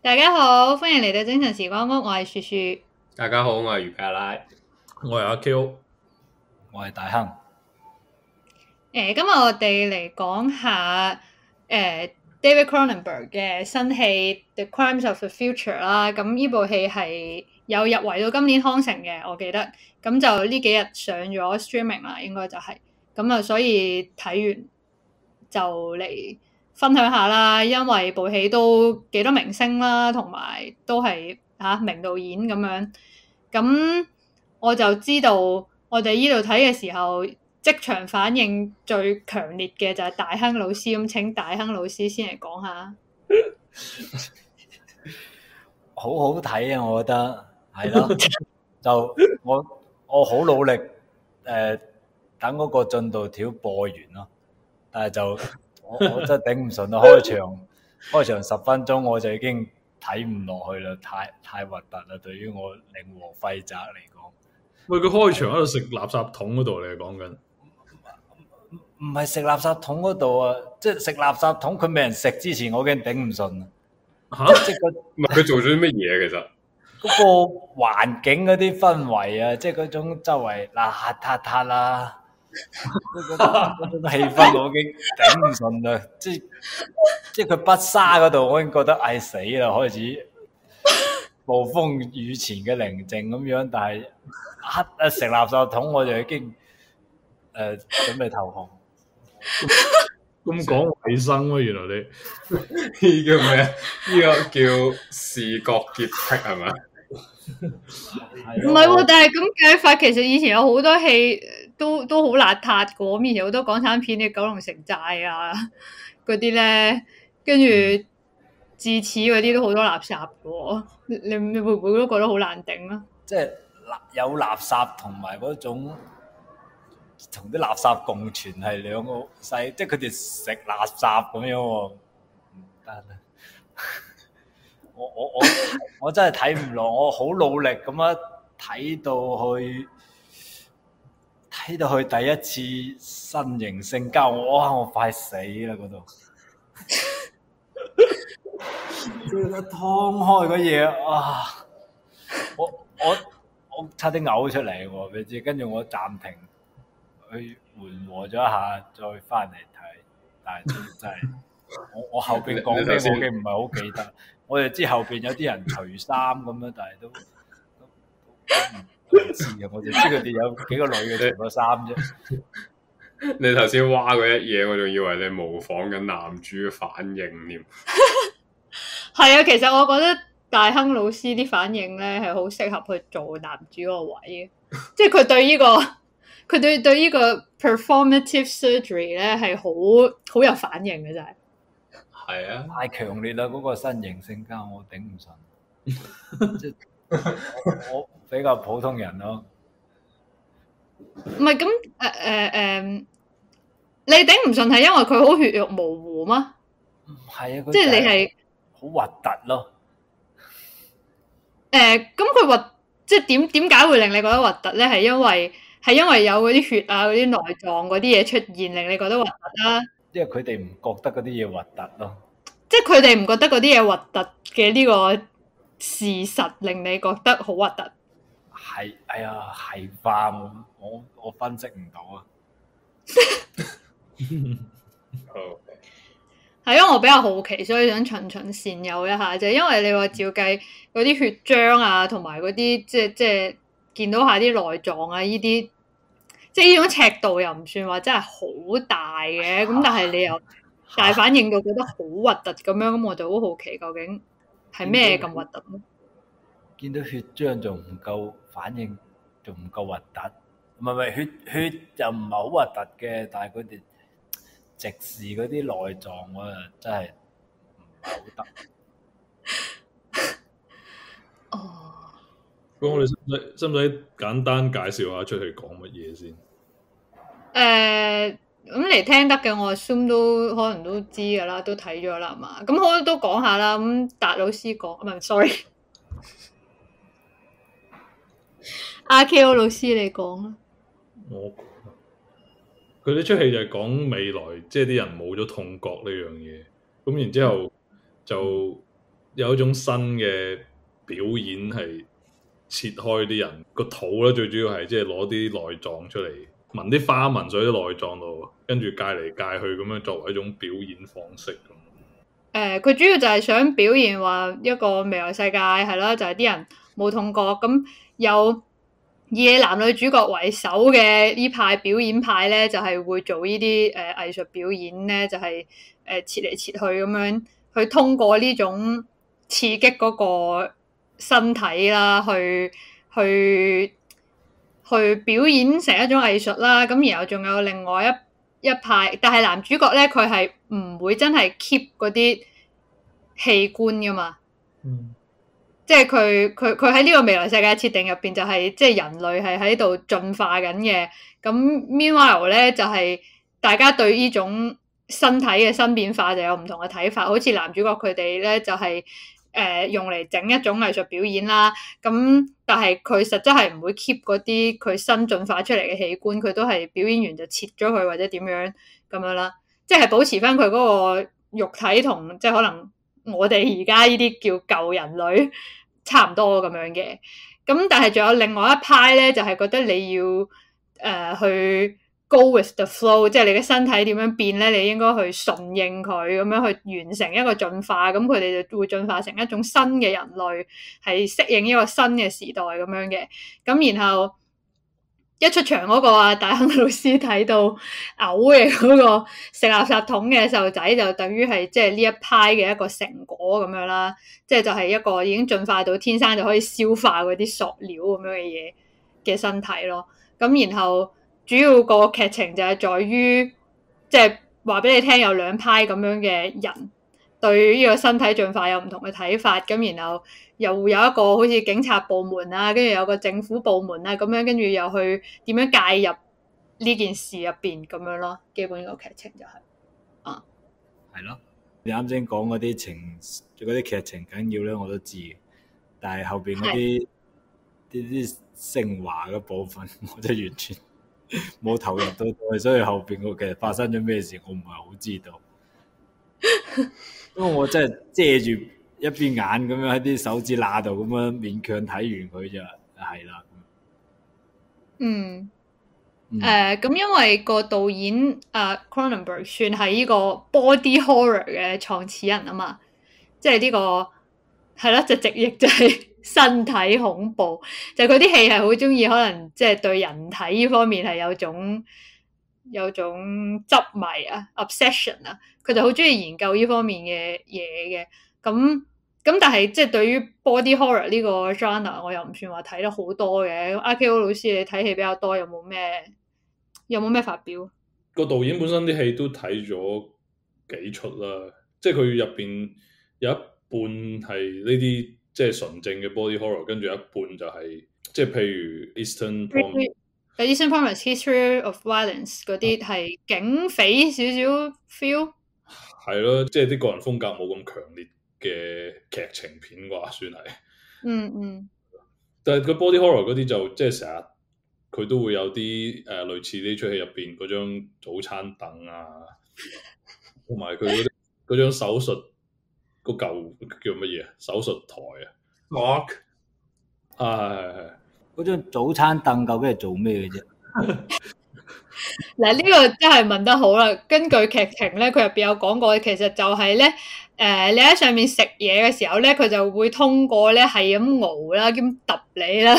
大家好，歡迎嚟到精神時光屋，我係雪雪。大家好，我係余佳拉。我係阿 Q，我係大亨。誒，今日我哋嚟講下誒，David Cronenberg 嘅新戲《The Crimes of the Future》啦。咁呢部戲係有入圍到今年康城嘅，我記得。咁就呢幾日上咗 streaming 啦，應該就係。咁啊，所以睇完就嚟。分享下啦，因為部戲都幾多明星啦、啊，同埋都係嚇、啊、明導演咁樣。咁、嗯、我就知道我哋呢度睇嘅時候，即場反應最強烈嘅就係大亨老師咁、嗯，請大亨老師先嚟講下。好好睇啊，我覺得係咯、啊，就我我好努力誒、呃，等嗰個進度條播完咯、啊，但係就。 我，我真係頂唔順啊！開場開場十分鐘我就已經睇唔落去啦，太太核突啦！對於我靈和廢宅嚟講，喂，佢開場喺度食垃圾桶嗰度，你係講緊？唔係食垃圾桶嗰度啊，即係食垃圾桶佢未人食之前我，我已經頂唔順啊。吓？即係佢做咗啲乜嘢？ 其實嗰個環境嗰啲氛圍啊，即係嗰種周圍邋遢遢啦。啊啊啊啊啊啊啊啊我覺得氣氛我已經頂唔順啦，即係即係佢白沙嗰度，我已經覺得唉、哎、死啦，開始暴風雨前嘅寧靜咁樣，但係啊成、啊、垃圾桶，我就已經誒、呃、準備投降。咁講衛生咩、啊？原來你呢個叫咩？呢個叫視覺潔癖係咪？唔係喎，但係咁計法，其實以前有好多戲。都都好邋遢嘅，面前好多港產片嘅九龍城寨啊，嗰啲咧，跟住、嗯、至此嗰啲都好多垃圾嘅，你你會唔會都覺得好難頂啊？即係垃有垃圾同埋嗰種同啲垃圾共存係兩個勢，即係佢哋食垃圾咁樣喎，唔得啊。我我我我真係睇唔落， 我好努力咁樣睇到去。喺度去第一次新型性交，我我快死啦！嗰度，佢 個湯開個嘢啊！我我我差啲嘔出嚟，知我跟住我暫停去緩和咗一下，再翻嚟睇。但係都真係，我後面你我後邊講咩我嘅唔係好記得， 我就知後邊有啲人除衫咁樣，但係都都，都，都，都我哋知佢哋有幾個女嘅除咗衫啫。你頭先挖嗰一嘢，我仲以為你模仿緊男主嘅反應添。係啊，其實我覺得大亨老師啲反應咧，係好適合去做男主個位嘅，即係佢對呢個佢對對呢個 performative surgery 咧，係好好有反應嘅，真係。係啊，太強烈啦！嗰個身形、性格，我頂唔順。 我，我比較普通人咯。唔係咁，誒誒誒，你頂唔順係因為佢好血肉模糊嗎？唔係啊，即係你係好核突咯。誒、呃，咁佢核，即係點點解會令你覺得核突咧？係因為係因為有嗰啲血啊，嗰啲內臟嗰啲嘢出現，令你覺得核突啦。因為佢哋唔覺得嗰啲嘢核突咯。即係佢哋唔覺得嗰啲嘢核突嘅呢個。事實令你覺得好核突，係，哎呀，係吧，我我分析唔到啊。好，係因為我比較好奇，所以想循循善誘一下啫。因為你話照計嗰啲血漿啊，同埋嗰啲即係即係見到下啲內臟啊，依啲即係呢、啊、種尺度又唔算話真係好大嘅。咁、啊啊、但係你又大反應到覺得好核突咁樣，咁我就好好奇究竟。究竟係咩咁核突咯？見到血漿仲唔夠反應，仲唔夠核突？唔係唔係，血血就唔係好核突嘅，但係佢哋直視嗰啲內臟，我誒真係唔係好得。哦。咁我哋使唔使，使唔使簡單介紹下出去講乜嘢先？誒。咁嚟聽得嘅，我 assume 都可能都知噶啦，都睇咗啦，係嘛？咁好都講下啦。咁達老師講，唔係，sorry，阿 Ko 老師你講啦。我佢呢出戲就係講未來，即係啲人冇咗痛覺呢樣嘢。咁然後之後就有一種新嘅表演，係切開啲人個肚啦。最主要係即係攞啲內臟出嚟。聞啲花撞到，聞水啲內臟度，跟住戒嚟戒去咁樣，作為一種表演方式咁。誒、呃，佢主要就係想表現話一個未來世界，係咯，就係、是、啲人冇痛覺，咁有以男女主角為首嘅呢派表演派咧，就係、是、會做呢啲誒藝術表演咧，就係、是、誒、呃、切嚟切去咁樣，去通過呢種刺激嗰個身體啦，去去。去表演成一種藝術啦，咁然後仲有另外一一派，但係男主角咧，佢係唔會真係 keep 嗰啲器官㗎嘛，嗯，即係佢佢佢喺呢個未來世界設定入邊就係即係人類係喺度進化緊嘅，咁 Meanwhile 咧就係、是、大家對呢種身體嘅新變化就有唔同嘅睇法，好似男主角佢哋咧就係、是。誒、呃、用嚟整一種藝術表演啦，咁、嗯、但係佢實質係唔會 keep 嗰啲佢新進化出嚟嘅器官，佢都係表演完就切咗佢或者點樣咁樣啦，即係保持翻佢嗰個肉體同即係可能我哋而家呢啲叫舊人類差唔多咁樣嘅，咁、嗯、但係仲有另外一派咧，就係、是、覺得你要誒、呃、去。Go with the flow，即係你嘅身體點樣變咧？你應該去順應佢，咁樣去完成一個進化。咁佢哋就會進化成一種新嘅人類，係適應一個新嘅時代咁樣嘅。咁然後一出場嗰個啊大亨老師睇到嘔嘅嗰個食垃圾桶嘅細路仔，就等於係即係呢一派嘅一個成果咁樣啦。即係就係一個已經進化到天生就可以消化嗰啲塑料咁樣嘅嘢嘅身體咯。咁然後。主要個劇情就係在於，即係話俾你聽，有兩派咁樣嘅人對呢個身體進化有唔同嘅睇法，咁然後又有一個好似警察部門啊，跟住有個政府部門啊咁樣跟住又去點樣介入呢件事入邊咁樣咯。基本個劇情就係、是、啊，係咯，你啱先講嗰啲情，啲劇情緊要咧我都知，但係後邊嗰啲啲啲昇華嘅部分，我都完全。 冇 投入到去，所以後邊個其實發生咗咩事，我唔係好知道。因為我真係遮住一邊眼咁樣，喺啲手指罅度咁樣勉強睇完佢就係啦。嗯，誒、嗯，咁、uh，因為個導演誒、uh，Cronenberg 算係呢個 body horror 嘅創始人啊嘛，即係呢個係咯，就直、是、譯、這個、就係、是。 身體恐怖就佢啲戲係好中意，可能即係對人體呢方面係有種有種執迷啊、obsession 啊，佢就好中意研究呢方面嘅嘢嘅。咁咁但係即係對於 body horror 呢個 genre，我又唔算話睇得好多嘅。阿 Ko 老師你睇戲比較多，有冇咩有冇咩發表？個導演本身啲戲都睇咗幾出啦，即係佢入邊有一半係呢啲。即係純正嘅 body horror，跟住一半就係、是、即係譬如、Eastern、Promises, Eastern Promises、History of Violence 嗰啲係警匪少少 feel。係咯，即係啲個人風格冇咁強烈嘅劇情片啩，算係。嗯嗯。但係佢 body horror 嗰啲就即係成日佢都會有啲誒、呃、類似呢出戲入邊嗰張早餐凳啊，同埋佢嗰嗰張手術。 個舊叫乜嘢?手術台啊？lock 係。嗰張早餐凳究竟係做咩嘅啫?嗱，呢個真係問得好啦。根據劇情咧，佢入邊有講過，其實就係咧，誒、呃，你喺上面食嘢嘅時候咧，佢就會通過咧係咁熬啦、兼揼你啦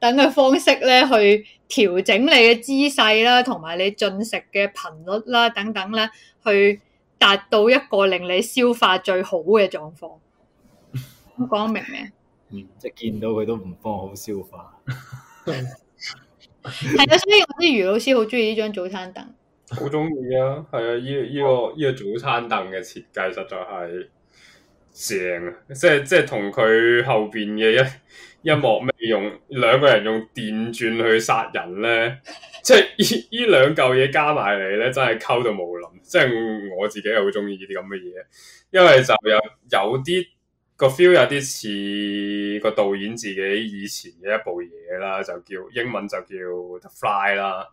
等嘅方式咧，去調整你嘅姿勢啦，同埋你進食嘅頻率啦等等咧，去。達到一個令你消化最好嘅狀況，講得明咩？嗯，即係見到佢都唔幫好消化。係 啊。 所以我啲余老師好中意呢張早餐凳，好中意啊！係啊，呢呢個呢個早餐凳嘅設計實在係正啊！即係即係同佢後邊嘅一一幕未用兩個人用電鑽去殺人咧。即係依依兩嚿嘢加埋嚟咧，真係溝到冇諗。即係我自己又好中意啲咁嘅嘢，因為就有有啲個 feel 有啲似個導演自己以前嘅一部嘢啦，就叫英文就叫 The Fly 啦，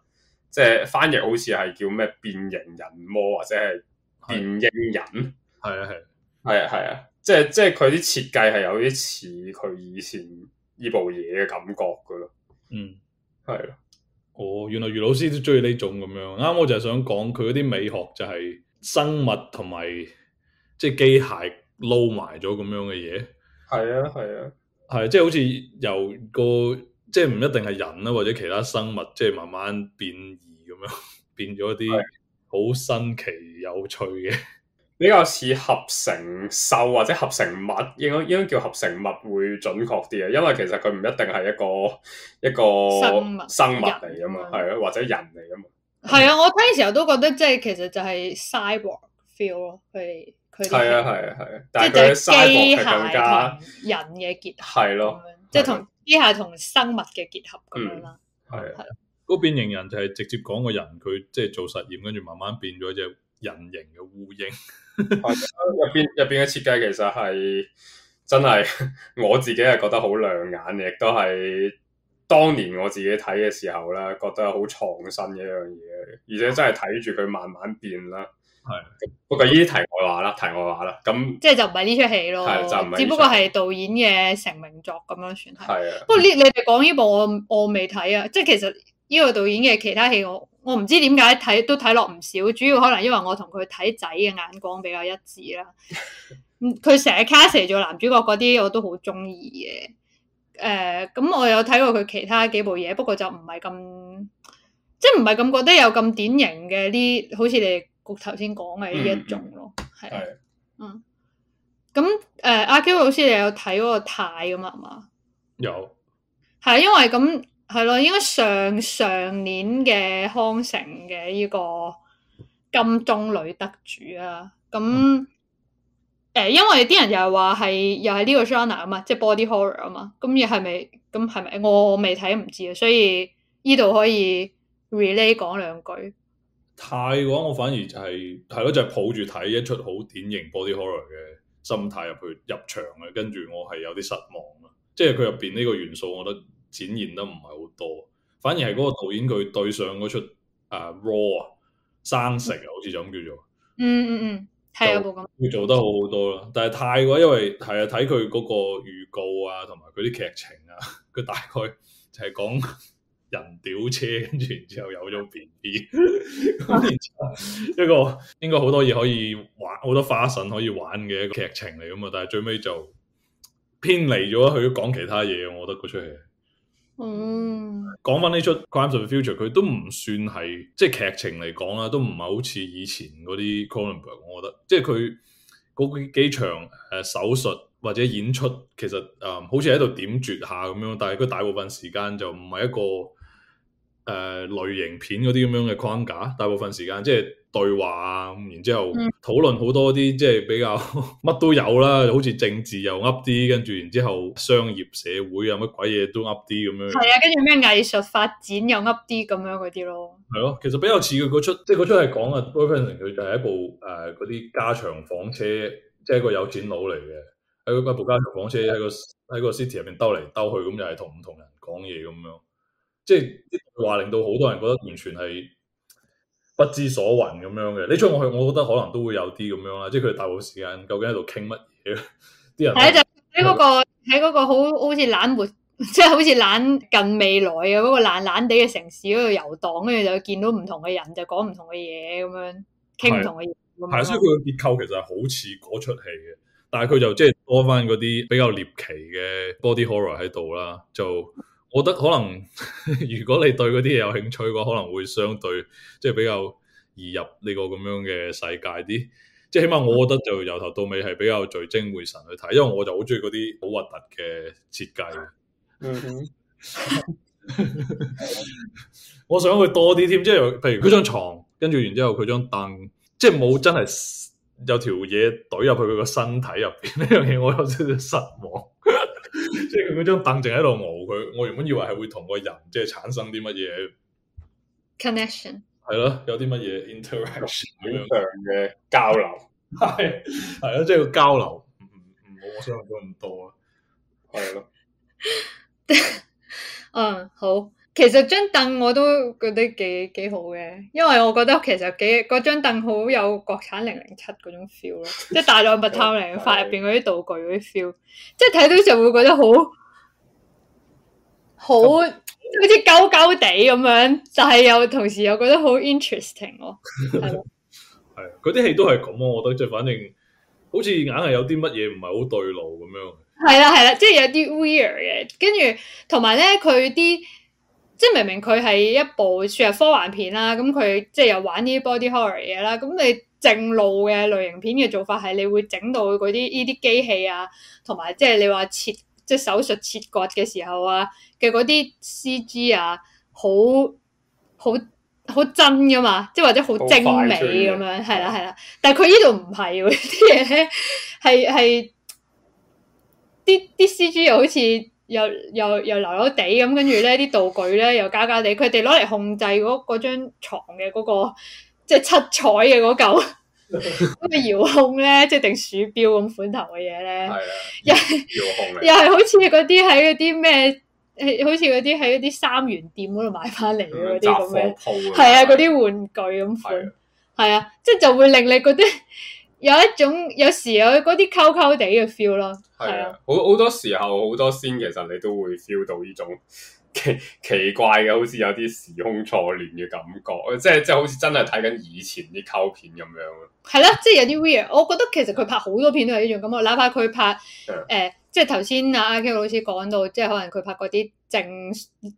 即係翻譯好似係叫咩變形人魔或者係變蠅人，係啊係，係啊係啊，即係即係佢啲設計係有啲似佢以前呢部嘢嘅感覺噶咯，嗯，係咯、啊。哦，原來余老師都中意呢種咁樣，啱我就係想講佢嗰啲美學就係生物同埋即係機械撈埋咗咁樣嘅嘢。係啊，係啊，係即係好似由個即係唔一定係人啊，或者其他生物即係慢慢變異咁樣變咗一啲好新奇有趣嘅。 比較似合成獸或者合成物，應該應該叫合成物會準確啲嘅，因為其實佢唔一定係一個一個生物生物嚟噶嘛，係啊，或者人嚟噶嘛，係、嗯、啊。我聽時候都覺得即係其實就係 Cyborg feel 咯。佢佢係啊係啊係啊，即係機械同人嘅結合，係咯，啊啊、即係同機械同生物嘅結合咁樣啦。係、嗯、啊，個變形人就係直接講個人，佢即係做實驗，跟住慢慢變咗隻人形嘅烏蠅。 入邊入邊嘅設計其實係真係我自己係覺得好亮眼，亦都係當年我自己睇嘅時候咧，覺得好創新嘅一樣嘢，而且真係睇住佢慢慢變啦。係，不過呢啲題外話啦，題外話啦，咁即係就唔係呢出戲咯，係，就唔係呢出戲咯，只不過係導演嘅成名作咁樣算係。係啊，不過呢，你哋講呢部我我未睇啊，即係其實。呢個導演嘅其他戲我我唔知點解睇都睇落唔少，主要可能因為我同佢睇仔嘅眼光比較一致啦。佢成日 cast、 嗯、做男主角嗰啲我都好中意嘅。誒、呃，咁我有睇過佢其他幾部嘢，不過就唔係咁，即係唔係咁覺得有咁典型嘅呢？好似你哋頭先講嘅呢一種咯，係、嗯的，嗯。咁誒，阿、呃、Q 老師你有睇嗰個太咁啊嘛？有，係因為咁。係咯，應該上上年嘅康城嘅呢個金棕櫚得主啊，咁誒，嗯、因為啲人又係話係又係呢個 genre 啊嘛，即係 Body Horror 啊嘛，咁又係咪？咁係咪？我未睇唔知啊，所以呢度可以 relay 講兩句。太嘅話，我反而就係係咯，就係、是、抱住睇一出好典型 Body Horror 嘅心態入去入場啊，跟住我係有啲失望啊，即係佢入邊呢個元素，我覺得。展現得唔係好多，反而係嗰個導演佢對上嗰出啊、uh, raw 啊生食啊，好似咁叫做，嗯嗯嗯，係、嗯、啊，冇、嗯、咁，佢做得好好多咯。但係泰嘅話，因為係啊，睇佢嗰個預告啊，同埋佢啲劇情啊，佢大概就係講人屌車，跟住然之後有咗 B B，一個應該好多嘢可以玩，好多花臣可以玩嘅一個劇情嚟咁啊。但係最尾就偏離咗，佢講其他嘢，我覺得嗰出戲。嗯，講翻呢出《Crimes of the Future》，佢都唔算係即係劇情嚟講啊，都唔係好似以前嗰啲《Colombo》，我覺得即係佢嗰幾場手術或者演出，其實，嗯，好似喺度點綴下咁樣，但係佢大部分時間就唔係一個。誒、uh, 類型片嗰啲咁樣嘅框架，大部分時間即係對話啊，然之後討論好多啲即係比較乜 都有啦，好似政治又噏啲，跟住然之後商業社會啊乜鬼嘢都噏啲咁樣。係啊，跟住咩藝術發展又噏啲咁樣嗰啲咯。係咯、啊，其實比較似佢嗰出，即係嗰出係講啊《Boyfriend、mm》佢、hmm. 就係一部誒嗰啲加長房車，即、就、係、是、一個有錢佬嚟嘅，喺嗰部加長房車喺個喺、mm hmm. 個 city 入邊兜嚟兜去，咁又係同唔同人講嘢咁樣。即係啲話令到好多人覺得完全係不知所云咁樣嘅，你出去我去，我覺得可能都會有啲咁樣啦。即係佢哋大部分時間究竟喺度傾乜嘢？啲人係啊，就喺嗰、那個喺嗰 個好好似懶活，即 係好似懶近未來嘅嗰個懶懶地嘅城市嗰度遊蕩，跟住就見到唔同嘅人就講同，就講唔同嘅嘢咁樣，傾唔同嘅嘢。係是，所以佢嘅結構其實係好似嗰出戲嘅，但係佢就即係多翻嗰啲比較獵奇嘅 body horror 喺度啦，就。 我覺得可能，如果你對嗰啲嘢有興趣嘅話，可能會相對即係、就是、比較易入呢個咁樣嘅世界啲。即係起碼我覺得就由頭到尾係比較聚精會神去睇，因為我就好中意嗰啲好核突嘅設計。Mm hmm. 我想去多啲添，即係譬如佢張床，跟住然之後佢張凳，即係冇真係有條嘢懟入去佢個身體入邊呢樣嘢，我有少少失望。即係佢嗰張凳淨係喺度熬佢，我原本以為係會同個人即係、就是、產生啲乜嘢 connection，係咯，有啲乜嘢 interaction，咁樣嘅交流，係係咯，即係個交流，唔唔唔，我想講咁多啊，係咯，嗯好。其實張凳我都覺得幾幾好嘅，因為我覺得其實幾嗰張凳好有國產零零七嗰種 feel 咯，即係 大內密探零零發入邊嗰啲道具嗰啲 feel，即係睇到就會覺得好好好似鳩鳩哋咁樣，但係又同時又覺得好 interesting 咯。係啊， 嗰啲戲都係咁啊，我覺得即係反正好似硬係有啲乜嘢唔係好對路咁樣。係啦係啦，即係有啲 weird 嘅，跟住同埋咧佢啲。即係明明佢係一部算係科幻片啦，咁佢即係又玩呢啲 body horror 嘢啦，咁你正路嘅類型片嘅做法係，你會整到嗰啲呢啲機器啊，同埋即係你話切即係、就是、手術切骨嘅時候啊嘅嗰啲 CG 啊，好好好真噶嘛，即係或者好精美咁樣，係啦係啦，但係佢呢度唔係喎，啲嘢係係啲啲 CG 又好似。又又又流流地咁，跟住咧啲道具咧又加加地，佢哋攞嚟控制嗰張床嘅嗰個即係七彩嘅嗰嚿，嗰個遙控咧即係定鼠標咁款頭嘅嘢咧，又遙控又係好似嗰啲喺嗰啲咩，好似嗰啲喺一啲三元店嗰度買翻嚟嘅嗰啲咁嘅。係啊，嗰啲玩具咁款，係啊，即係就會令你嗰啲。有一種有時有嗰啲溝溝地嘅 feel 咯，係啊，好好多時候好多先其實你都會 feel 到呢種奇奇怪嘅，好似有啲時空錯亂嘅感覺，即係即係好似真係睇緊以前啲溝片咁樣咯。係咯、啊，即係有啲 weird。我覺得其實佢拍好多片都係呢種感覺，哪怕佢拍誒。即係頭先阿阿 K 老師講到，即係可能佢拍嗰啲正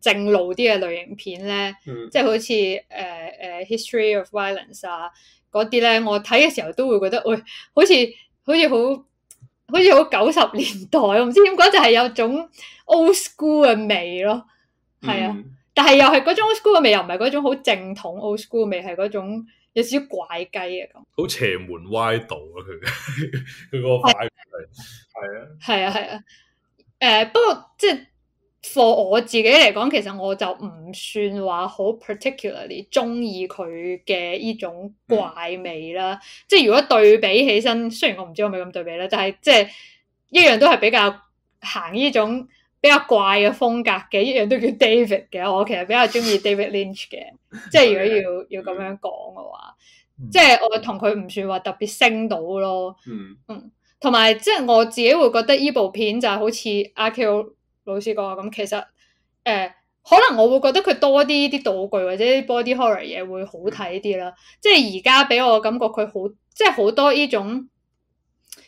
正路啲嘅類型片咧，mm. 即係好似誒誒 History of Violence 啊嗰啲咧，我睇嘅時候都會覺得，喂，哎，好似好似好好似好九十年代，我唔知點解就係、是、有種 old school 嘅味咯，係啊，mm. 但係又係嗰種 old school 嘅味，又唔係嗰種好正統 old school 嘅味，係嗰種。有少少怪雞啊，咁，好邪門歪道啊佢，佢 個怪味係 啊，係啊係啊，誒、啊呃、不過即係 for 我自己嚟講，其實我就唔算話好 particularly 中意佢嘅依種怪味啦。嗯、即係如果對比起身，雖然我唔知我咪咁對比啦，但係、就是、即係一樣都係比較行呢種，比較怪嘅風格嘅，一樣都叫 David 嘅。我其實比較中意 David Lynch 嘅， 即係如果要 要咁樣講嘅話，即係 我同佢唔算話特別升到咯。嗯 嗯，同埋即係我自己會覺得呢部片就係好似阿 Q 老師講咁，其實誒、呃、可能我會覺得佢多啲啲道具或者 body horror 嘢會好睇啲啦。即係而家俾我感覺佢好，即係好多呢種，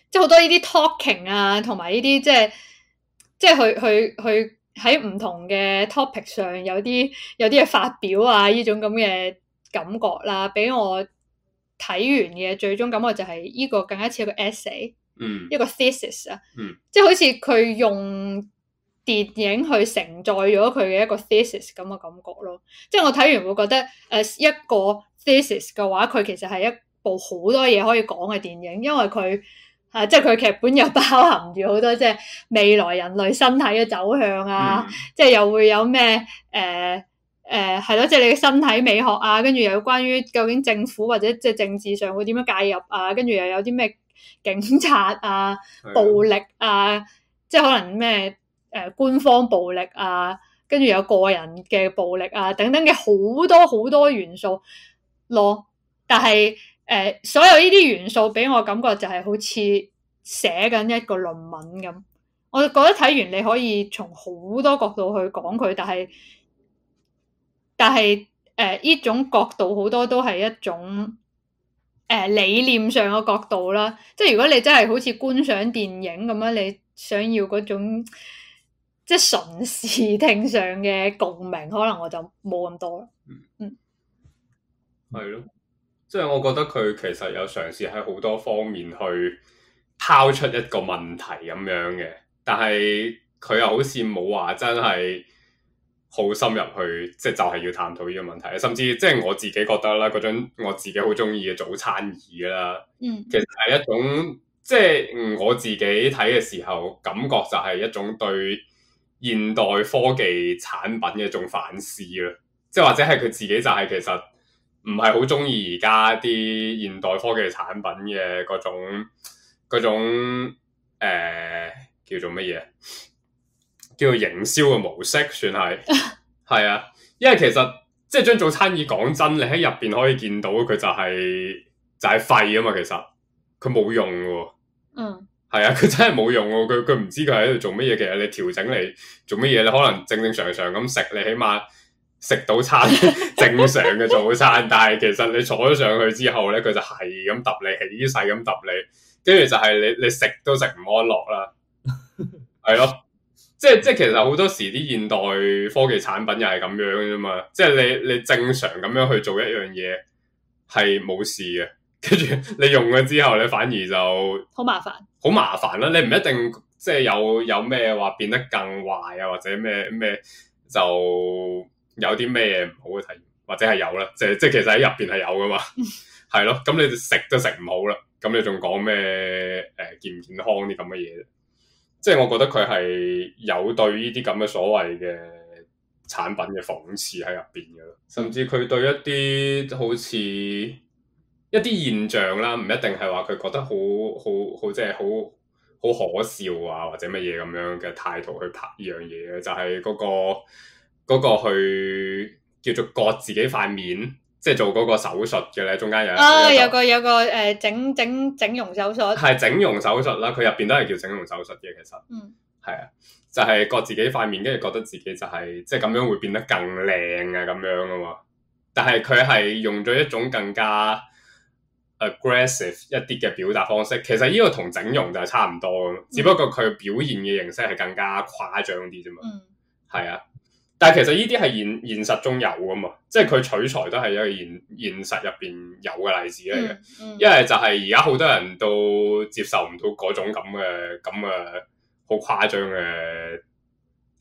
即係好多呢啲 talking 啊，同埋呢啲即係。即係去去去喺唔同嘅 topic 上有啲有啲嘢發表啊呢種咁嘅感覺啦，俾我睇完嘅最終感覺就係呢個更加似一個 essay，嗯，mm. 一個 thesis 啊，嗯，即係好似佢用電影去承載咗佢嘅一個 thesis 咁嘅感覺咯。即係我睇完會覺得誒一個 thesis 嘅話，佢其實係一部好多嘢可以講嘅電影，因為佢。啊！即係佢嘅劇本又包含住好多，即係未來人類身體嘅走向啊！嗯、即係又會有咩誒誒，係、呃、咯、呃！即係你嘅身體美學啊，跟住又有關於究竟政府或者即係政治上會點樣介入啊，跟住又有啲咩警察啊、的暴力啊，即係可能咩誒、呃、官方暴力啊，跟住有個人嘅暴力啊，等等嘅好多好多元素咯、嗯，但係。誒、呃，所有呢啲元素俾我感覺就係好似寫緊一個論文咁。我覺得睇完你可以從好多角度去講佢，但係但係誒呢種角度好多都係一種誒、呃、理念上嘅角度啦。即係如果你真係好似觀賞電影咁樣，你想要嗰種即係純視聽上嘅共鳴，可能我就冇咁多啦。嗯，係咯。即係我覺得佢其實有嘗試喺好多方面去拋出一個問題咁樣嘅，但係佢又好似冇話真係好深入去，即係就係要探討呢個問題。甚至即係我自己覺得啦，嗰種我自己好中意嘅早餐椅啦，嗯，其實係一種即係我自己睇嘅時候感覺就係一種對現代科技產品嘅一種反思咯。即係或者係佢自己就係其實。唔係好中意而家啲現代科技產品嘅嗰種嗰種誒叫做乜嘢？叫做營銷嘅模式，算係係 啊。因為其實即係將早餐椅講真，你喺入邊可以見到佢就係就係廢啊嘛。其實佢冇用嘅。嗯。係啊，佢真係冇用哦。佢佢唔知佢喺度做乜嘢。其實你調整你做乜嘢，你可能正正常常咁食，你起碼。食到餐 正常嘅早餐，但係其實你坐咗上去之後咧，佢就係咁揼你，起勢咁揼你，跟住就係你你食都食唔安樂啦，係咯， 即係即係其實好多時啲現代科技產品又係咁樣啫嘛，即係你你正常咁樣去做一樣嘢係冇事嘅，跟住你用咗之後你反而就好 麻煩，好麻煩啦，你唔一定即係有有咩話變得更壞啊，或者咩咩就。有啲咩唔好嘅體驗，或者係有啦，即係即係其實喺入邊係有噶嘛，係咯。 咁你食都食唔好啦，咁你仲講咩誒健唔健康啲咁嘅嘢？即係我覺得佢係有對呢啲咁嘅所謂嘅產品嘅諷刺喺入邊嘅，甚至佢對一啲好似一啲現象啦，唔一定係話佢覺得好好好即係好好可笑啊，或者乜嘢咁樣嘅態度去拍呢樣嘢嘅，就係嗰個。嗰個去叫做割自己塊面，即係做嗰個手術嘅咧，中間有啊，有個有個誒，整整整容手術係整容手術啦，佢入邊都係叫整容手術嘅，其實嗯，係啊，就係割自己塊面，跟住覺得自己就係即係咁樣會變得更靚啊，咁樣啊嘛，但係佢係用咗一種更加 aggressive 一啲嘅表達方式，其實呢個同整容就係差唔多，嗯，只不過佢表現嘅形式係更加誇張啲啫嘛，嗯，係啊。但係其實呢啲係現現實中有噶嘛，即係佢取材都係一個現現實入邊有嘅例子嚟嘅。嗯嗯、因為就係而家好多人都接受唔到嗰種咁嘅咁嘅好誇張嘅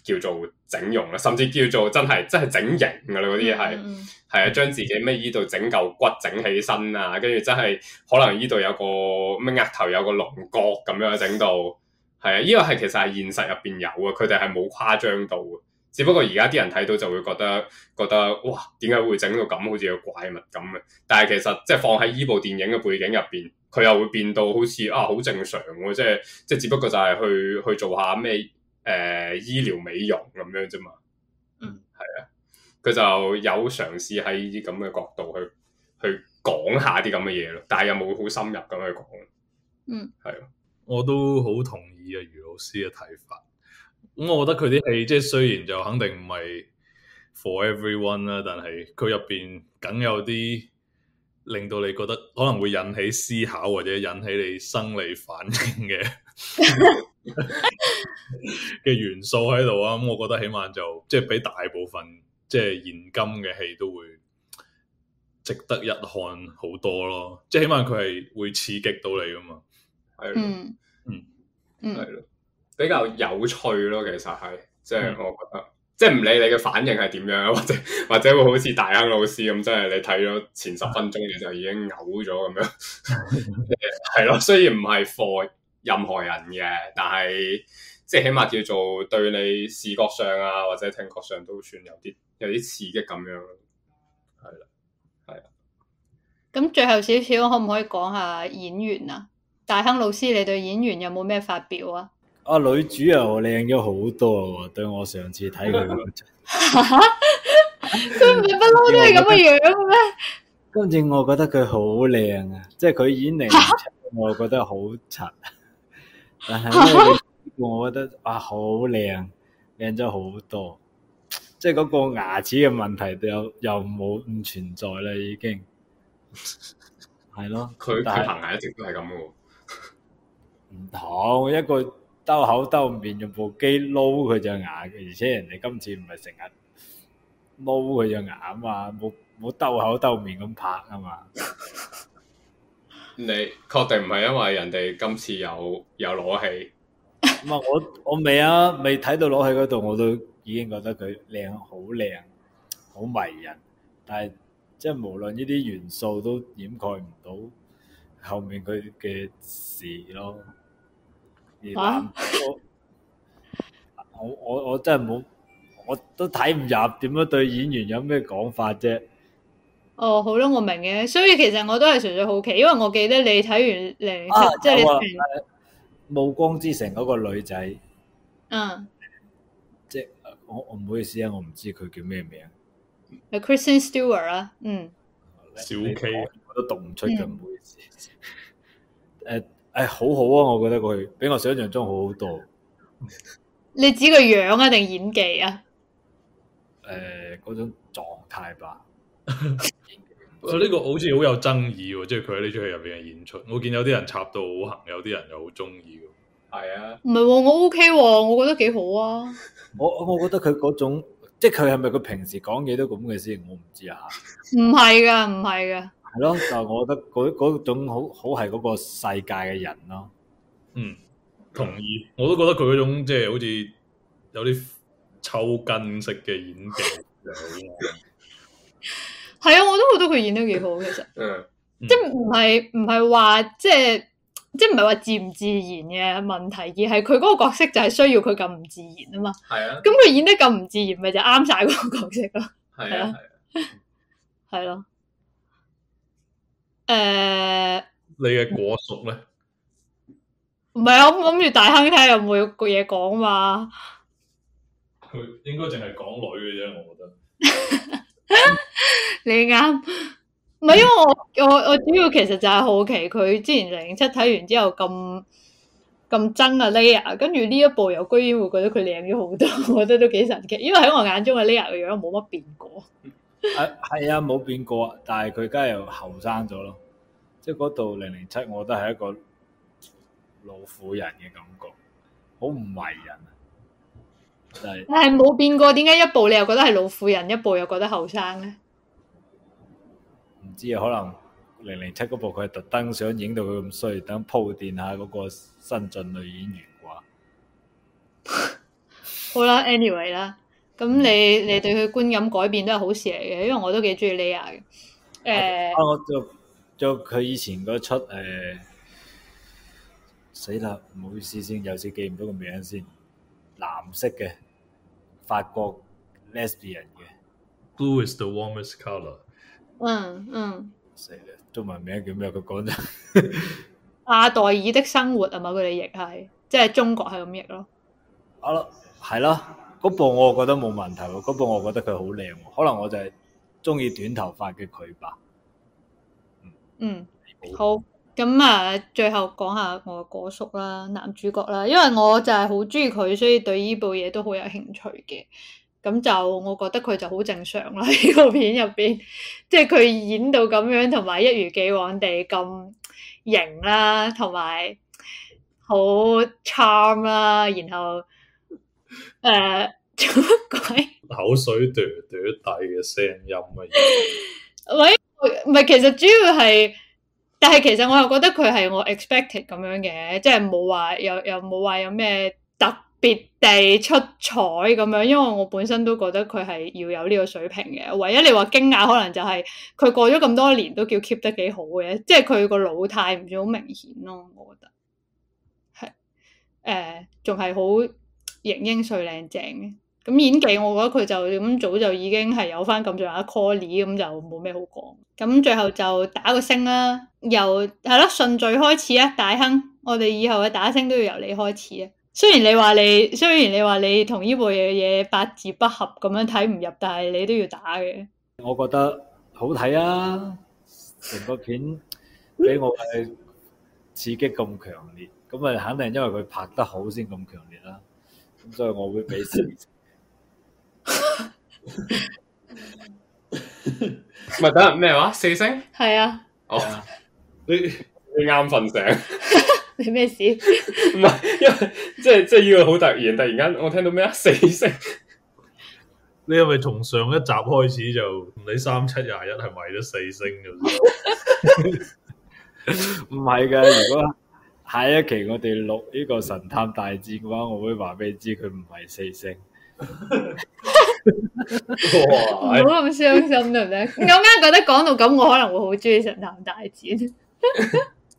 叫做整容啦，甚至叫做真係真係整形㗎啦，嗰啲係係啊，將自己咩依度整嚿骨整起身啊，跟住真係可能依度有個咩額頭有個龍角咁樣整到，係啊，呢、呢個係其實係現實入邊有嘅，佢哋係冇誇張到只不過而家啲人睇到就會覺得覺得哇，點解會整到咁，好似個怪物咁嘅？但係其實即係放喺呢部電影嘅背景入邊，佢又會變到好似啊，好正常，即係即係只不過就係去去做下咩誒、呃、醫療美容咁樣啫嘛。嗯，係啊，佢就有嘗試喺啲咁嘅角度去去講下啲咁嘅嘢咯。但係又冇好深入咁去講。嗯，係啊，我都好同意啊，余老師嘅睇法。咁，我覺得佢啲戲，即係雖然就肯定唔係 for everyone 啦，但係佢入邊梗有啲令到你覺得可能會引起思考或者引起你生理反應嘅嘅 元素喺度啊！咁，我覺得起碼就即係比大部分即係現今嘅戲都會值得一看好多咯。即係起碼佢係會刺激到你㗎嘛。係咯，嗯，的嗯，係咯。比較有趣咯，其實係，即係我覺得，嗯、即係唔理你嘅反應係點樣，或者或者會好似大亨老師咁，即係你睇咗前十分鐘你就已經嘔咗咁樣，係咯、嗯。 雖然唔係 for 任何人嘅，但係即係起碼叫做對你視覺上啊或者聽覺上都算有啲有啲刺激咁樣，係啦，係啊。咁最後少少，可唔可以講下演員啊？大亨老師，你對演員有冇咩發表啊？啊！女主又靚咗好多喎，對我上次睇佢。吓、 啊，佢唔係不嬲都係咁嘅樣嘅咩？跟住我覺得佢好靚啊，即係佢演嚟唔出，我覺得好柒。 但係咧，我覺得哇，好靚，靚咗好多。即係嗰個牙齒嘅問題都有又又冇唔存在啦，已經係、 嗯、咯。佢佢她是行牙一直都係咁嘅。唔 同一個。兜口兜面用部機撈佢隻眼，而且人哋今次唔係成日撈佢隻眼啊嘛，冇冇兜口兜面咁拍啊嘛。 你確定唔係因為人哋今次有有攞起？唔係、嗯、我我未啊，未睇到攞起嗰度，我都已經覺得佢靚，好靚，好迷人。但係即係無論呢啲元素都掩蓋唔到後面佢嘅事咯。啊！ 我我我真係冇，我都睇唔入，點樣對演員有咩講法啫？哦，好啦，我明嘅，所以其實我都係純粹好奇，因為我記得你睇完零，啊，即係你，啊《暮光之城》嗰個女仔，嗯，即係我我唔好意思啊，我唔知佢叫咩名 Kristen Stewart 啊，嗯，小 K，我都讀唔出嘅，唔好意思，誒。 誒、哎，好好啊！我覺得佢比我想象中好好多。你指個樣啊，定演技啊？誒、欸，嗰種狀態吧。其實呢個好似好有爭議，啊，即係佢喺呢出戲入邊嘅演出。我見有啲人插到好行，有啲人又好中意。係啊。唔係喎，我 OK 喎，啊，我覺得幾好啊。 我我覺得佢嗰種，即係佢係咪佢平時講嘢都咁嘅先，我唔知啊。唔係噶，唔係噶。咯，就我覺得嗰嗰種好好係嗰個世界嘅人咯。嗯，同意，我都覺得佢嗰種即係好似有啲抽筋式嘅演技，係啊， 我都覺得佢演得幾好，其實，嗯，即唔係唔係話即係即唔係話自唔自然嘅問題，而係佢嗰個角色就係需要佢咁唔自然啊嘛。係啊，咁佢演得咁唔自然，咪就啱晒嗰個角色咯。係 的啊，係啊，係咯。誒，uh, 你嘅果熟咧？唔係啊，我諗住大亨睇下有冇嘢講嘛。佢應該淨係講女嘅啫，我覺得。 你啱，唔係因為我我我主要其實就係好奇佢之前零七睇完之後咁咁憎啊 Léa，跟住呢一部又居然會覺得佢靚咗好多，我覺得都幾神奇。因為喺我眼中嘅 Léa 嘅樣冇乜變過。 啊，係啊，冇變過，但係佢而家又後生咗咯，即係嗰度零零七，我覺得係一個老婦人嘅感覺，好唔迷人。但係冇變過，點解一部你又覺得係老婦人，一部又覺得後生咧？唔知啊，可能零零七嗰部佢係特登想影到佢咁衰，等鋪墊下嗰個新晉女演員啩。 好啦，anyway 啦。咁你你對佢觀感改變都係好事嚟嘅，因為我都幾中意 Léa 嘅。誒，我就就佢以前嗰出誒，死啦！唔好意思先，有時記唔到個名先。藍色嘅法國 Lesbian 嘅，Blue is the warmest color。嗯嗯。死啦！中文名叫咩？佢講得。阿黛爾的生活係嘛？佢哋譯係，即係中國係咁譯咯。啊，係咯。嗰部我覺得冇問題，嗰部我覺得佢好靚，可能我就係中意短頭髮嘅佢吧。嗯，嗯好靚。好，咁啊，最後講下我嘅果叔啦，男主角啦，因為我就係好中意佢，所以對呢部嘢都好有興趣嘅。咁就我覺得佢就好正常啦，呢部片入邊，即係佢演到咁樣，同埋一如既往地咁型啦，同埋好 charm 啦，然後。誒，做乜鬼？口水嘟嘟大嘅聲音乜嘢？喂，唔係，其實主要係，但係其實我又覺得佢係我 expected 咁樣嘅，即係冇話又又冇話有咩特別地出彩咁樣，因為我本身都覺得佢係要有呢個水平嘅。唯一你話驚訝，可能就係佢過咗咁多年都叫 keep 得幾好嘅，即係佢個老態唔算好明顯咯。我覺得係誒，仲係好。Uh, 型英帥靚正咁演技，我覺得佢就咁早就已經係有翻咁上下 call 咁，就冇咩好講。咁最後就打個聲啦，由係咯順序開始啊，大亨，我哋以後嘅打聲都要由你開始啊。雖然你話你，雖然你話你同呢部嘢嘢八字不合咁樣睇唔入，但係你都要打嘅。我覺得好睇啊，成個片俾我嘅刺激咁強烈，咁啊肯定因為佢拍得好先咁強烈啦，啊。所以我會俾四星，唔係 等下咩話四星？係啊，哦，你你啱瞓醒？你咩事？唔係，因為即係即係呢個好突然，突然間我聽到咩啊？四星？啊 oh. 你係咪從上一集開始就唔理三七廿一係為咗四星咁？唔係嘅，如果。下一期我哋錄呢個神探大戰嘅話，我會話俾你知佢唔係四星。唔好咁傷心得唔得？我啱啱覺得講到咁，我可能會好中意神探大戰。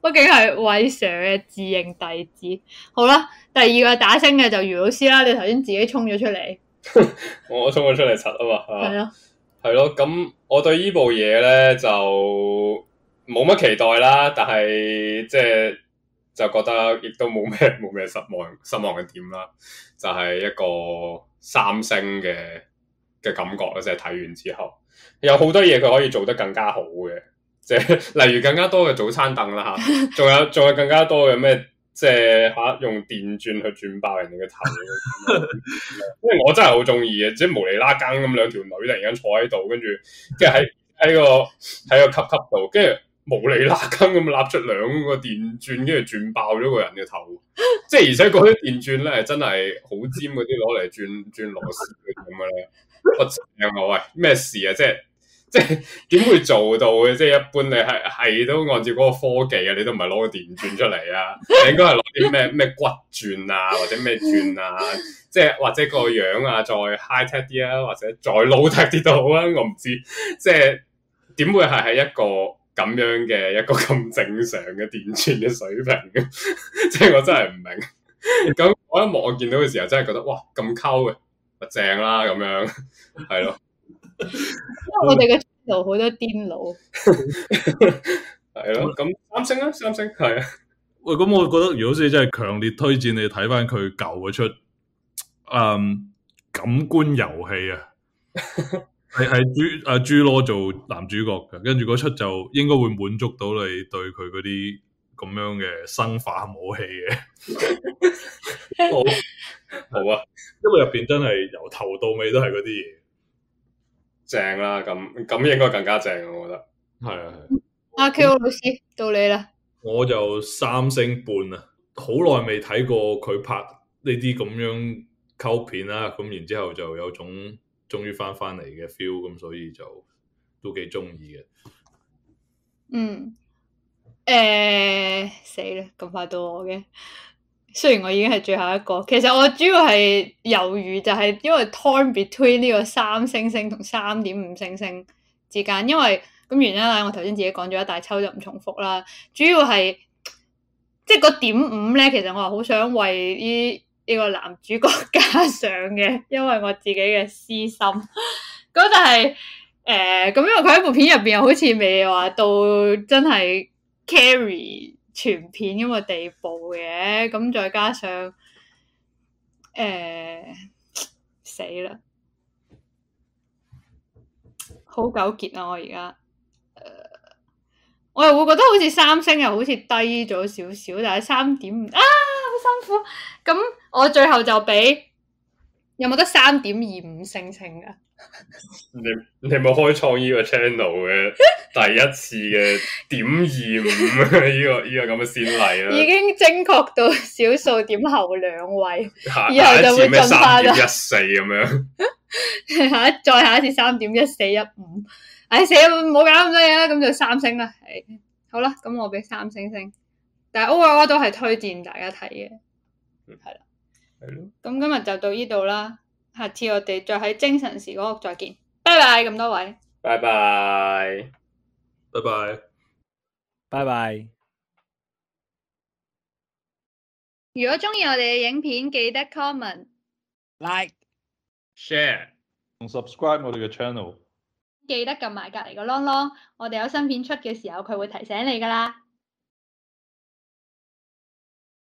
畢 竟係韋 sir 嘅自認弟子。好啦，第二個打星嘅就余老師啦。你頭先自己衝咗出嚟， 我衝咗出嚟柒啊嘛。係咯 了，係咯。咁我對呢部嘢咧就冇乜期待啦。但係即係。就覺得亦都冇咩冇咩失望失望嘅點啦，就係一個三星嘅嘅感覺啦，即係睇完之後，有好多嘢佢可以做得更加好嘅。即係例如更加多嘅早餐凳啦吓，仲有，仲有更加多嘅咩，即係吓、啊、用電鑽去鑽爆人哋嘅頭， 因為我真係好中意嘅，即係無厘啦更咁兩條女突然間坐喺度，跟住即係喺喺個喺個 c u 度，跟住。無厘啦，根咁，立出兩個電鑽，跟住鑽爆咗個人嘅頭，即係而且嗰啲電鑽咧係真係好尖嗰啲，攞嚟鑽鑽螺絲咁嘅咧。我正我喂咩事啊？即係即係點會做到嘅？即係一般你係係都按照嗰個科技嘅，你都唔係攞個電鑽出嚟啊？ 你應該係攞啲咩咩骨鑽啊，或者咩鑽啊？即係或者個樣啊，再 high tech 啲啊，或者再 low tech 啲都好啊。我唔知即係點會係喺一個。咁樣嘅一個咁正常嘅電池嘅水平，即係我真係唔明。咁我一望我見到嘅時候，真係覺得哇，咁溝嘅，正啦咁樣，係咯。因為我哋嘅度好多癲佬，係咯。咁三星啊，三星係啊。喂，咁我覺得如果你真係強烈推薦你睇翻佢舊嘅出，嗯，感官遊戲啊。係係朱，誒朱羅做男主角嘅，跟住嗰齣就應該會滿足到你對佢嗰啲咁樣嘅生化武器嘅。 好，好啊，因為入邊真係由頭到尾都係嗰啲嘢，正啦，咁咁應該更加正，我覺得係啊。阿 Q、啊啊、老師到你啦，我就三星半啊，好耐未睇過佢拍呢啲咁樣溝片啦，咁然之後就有種。終於翻返嚟嘅 feel，咁所以就都幾中意嘅。嗯，誒死啦，咁快到我嘅。雖然我已經係最後一個，其實我主要係猶豫，就係、是、因為 torn between 呢個三星星同三點五星星之間，因為咁原因啦。我頭先自己講咗一大抽就唔重複啦，主要係即係個點五咧，其實我係好想為啲。呢個男主角加上嘅，因為我自己嘅私心，咁就係誒，咁、呃、因為佢喺部片入邊又好似未話到真係 carry 全片咁嘅地步嘅，咁、嗯、再加上誒、呃、死啦，好糾結啊！我而家、呃，我又會覺得好似三星又好似低咗少少，但係三點五啊！辛苦，咁我最後就俾有冇得三點二五星星啊？你你冇開創呢個 channel 嘅 第一次嘅點二五呢個呢、這個咁嘅、這個、先例啦， 已經精確到小數點後兩位下，下一次咩三點一四咁樣，下 再下一次三點一四一五，唉死，冇搞咁多嘢啦，咁就三星啦，係好啦，咁我俾三星星。但係 o 娃娃都係推薦大家睇嘅，係啦，係咯的。咁今日就到呢度啦，下次我哋再喺精神時光再見，拜拜咁多位，拜拜，拜拜，拜拜。如果鍾意我哋嘅影片，記得 comment、like share、share 同 subscribe 我哋嘅 channel。記得撳埋隔籬個啷啷，我哋有新片出嘅時候，佢會提醒你噶啦。